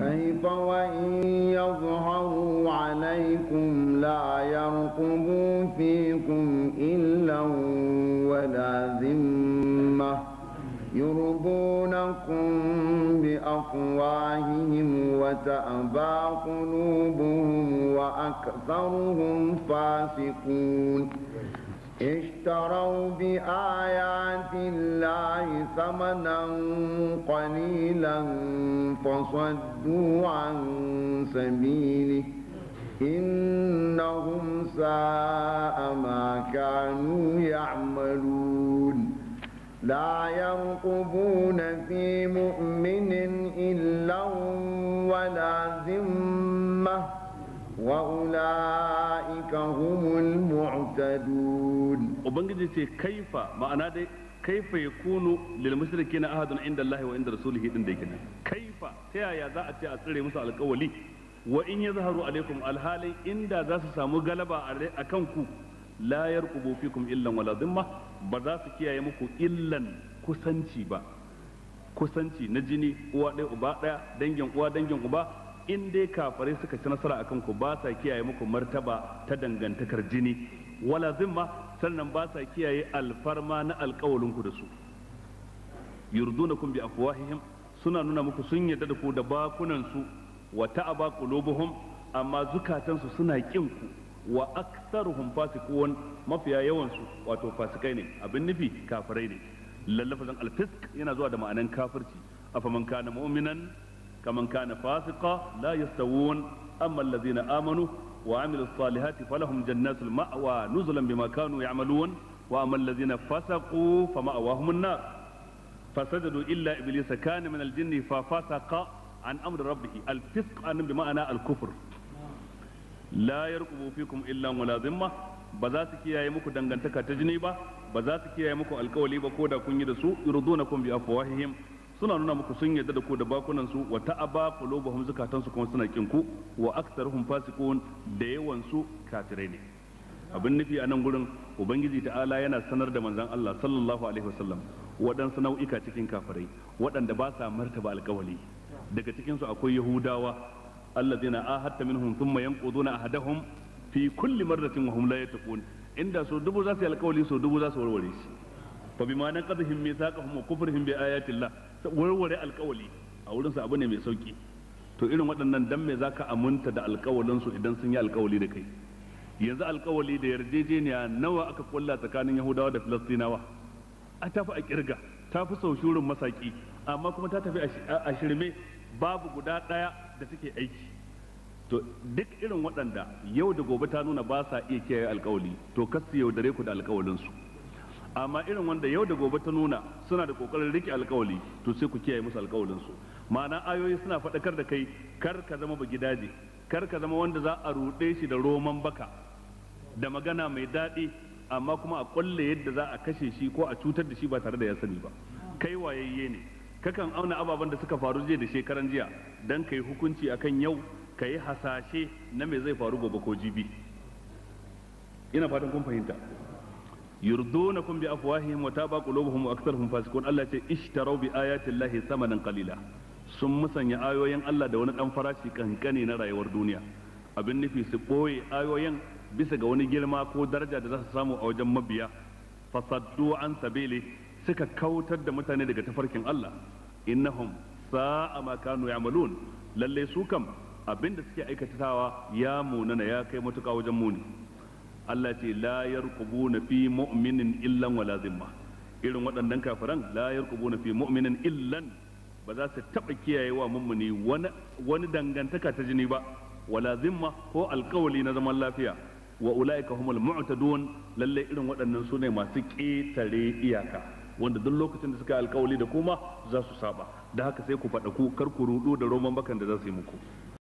كيف وإن يظهروا عليكم لا يرقبوا فيكم إلا ولا ذمة يرضونكم بأفواههم وتأبى قلوبهم وأكثرهم فاسقون اشتروا بآيات الله ثمنا قليلا فصدوا عن سبيله إنهم ساء ما كانوا يعملون لا يرقبون في مؤمن إلا ولا ذمة وأولئك هم المعتدون yashkurun ubangiji ce kaifa ma'ana dai kaifa ya kunu lil mushriki na ahadun inda Allah wa inda rasulihi din da yake nan kaifa ta yaya za a ce a tsire musu alƙawali wa in ya zaharu alaikum alhali inda za su samu galaba a kan ku la yarqubu fikum illan wala ba za su kiyaye muku illan kusanci ba kusanci na jini uwa ɗaya uba ɗaya dangin uwa dangin uba in dai kafare suka ci nasara akan ku ba sa kiyaye muku martaba ta dangantakar jini wala zimma sannan ba sa kiyaye alfarma na alkawalin ku da su yurdunakum bi afwahihim suna nuna muku sun yarda da ku da bakunansu wa ta'aba qulubuhum amma zukatansu suna kin ku wa aktsaruhum fasiqun mafiya yawan su wato fasikai ne abin nufi kafirai ne lallafazan alfisk yana zuwa da ma'anan kafirci afaman kana mu'minan kaman kana fasiqa la yastawun amma allazina amanu وعملوا الصالحات فلهم جنات المأوى نزلا بما كانوا يعملون وأما الذين فسقوا فمأواهم النار فسجدوا إلا إبليس كان من الجن ففسق عن أمر ربه الفسق أن بمعنى الكفر لا يرقب فيكم إلا ولا ذمة يا يمكو su تجنيبا muku يا يمكو jini ba ba كن su kiyaye بأفواههم suna nuna muku sun yarda da ku da bakunan su wa ta'aba qulubuhum zakatansu kuma suna kin ku wa aktsaruhum fasiqun da yawan su kafirai ne abin nufi a nan gurin ubangiji ta'ala yana sanar da manzon Allah sallallahu alaihi wasallam waɗansu nau'ika cikin kafirai waɗanda ba sa martaba alƙawali daga cikin su akwai yahudawa allazina ahadta minhum thumma yanquduna ahadahum fi kulli marratin wa hum la yattaqun inda so dubu za su yi alƙawali so dubu za su warware shi fa ma nan qadhihim mithaqahum wa kufrihim bi ayatillah warware alqawli a wurin sa abu ne mai sauki to irin waɗannan dan me zaka aminta da alqawlin su idan sun yi alqawli da kai yanzu alqawli da yarjejeniya nawa aka kulla tsakanin yahudawa da filastinawa a tafi a kirga tafi sau shurin masaki amma kuma ta tafi a shirme babu guda ɗaya da suke aiki to duk irin waɗanda yau da gobe ta nuna ba sa iya kiyaye alkawali to kasu yaudare ku da alkawalinsu amma irin wanda yau da gobe ta nuna suna da kokarin rike alkawali to sai ku kiyaye musu alkawalin su ma'ana ayoyi suna faɗakar da kai kar ka zama gidaje kar ka zama wanda za a ruɗe shi da roman baka da magana mai daɗi amma kuma a ƙwalle yadda za a kashe shi ko a cutar da shi ba tare da ya sani ba kai wayayye ne kakan auna ababen da suka faru jiya da shekaran jiya dan kai hukunci akan yau ka yi hasashe na me zai faru gobe ko jibi ina fatan kun fahimta yurdunakum bi afwahihim wa taba qulubuhum wa aktharuhum fasiqun Allah ce ishtaraw bi ayati llahi samanan qalila sun musanya ayoyin Allah da wani dan farashi kankane na rayuwar duniya abin nufi su boye ayoyin bisa ga wani girma ko daraja da za su samu a wajen mabiya fasaddu an sabili suka kautar da mutane daga tafarkin Allah innahum sa'a ma kanu ya'malun lalle su kam abin suke aikatawa ya munana ya kai matuƙa wajen muni Allah ce la na fi mu'minin illan wala zimma irin waɗannan kafiran la na fi mu'minin illan ba za su taɓa kiyaye wa mummuni wani dangantaka ta jini ba wala zimma ko alƙawali na zaman lafiya wa ulaika humul mu'tadun lalle irin waɗannan sune masu ƙetare iyaka wanda duk lokacin da suka alƙawali da kuma za su saba da haka sai ku faɗa ku kar ku rudu da roman bakan da za su yi muku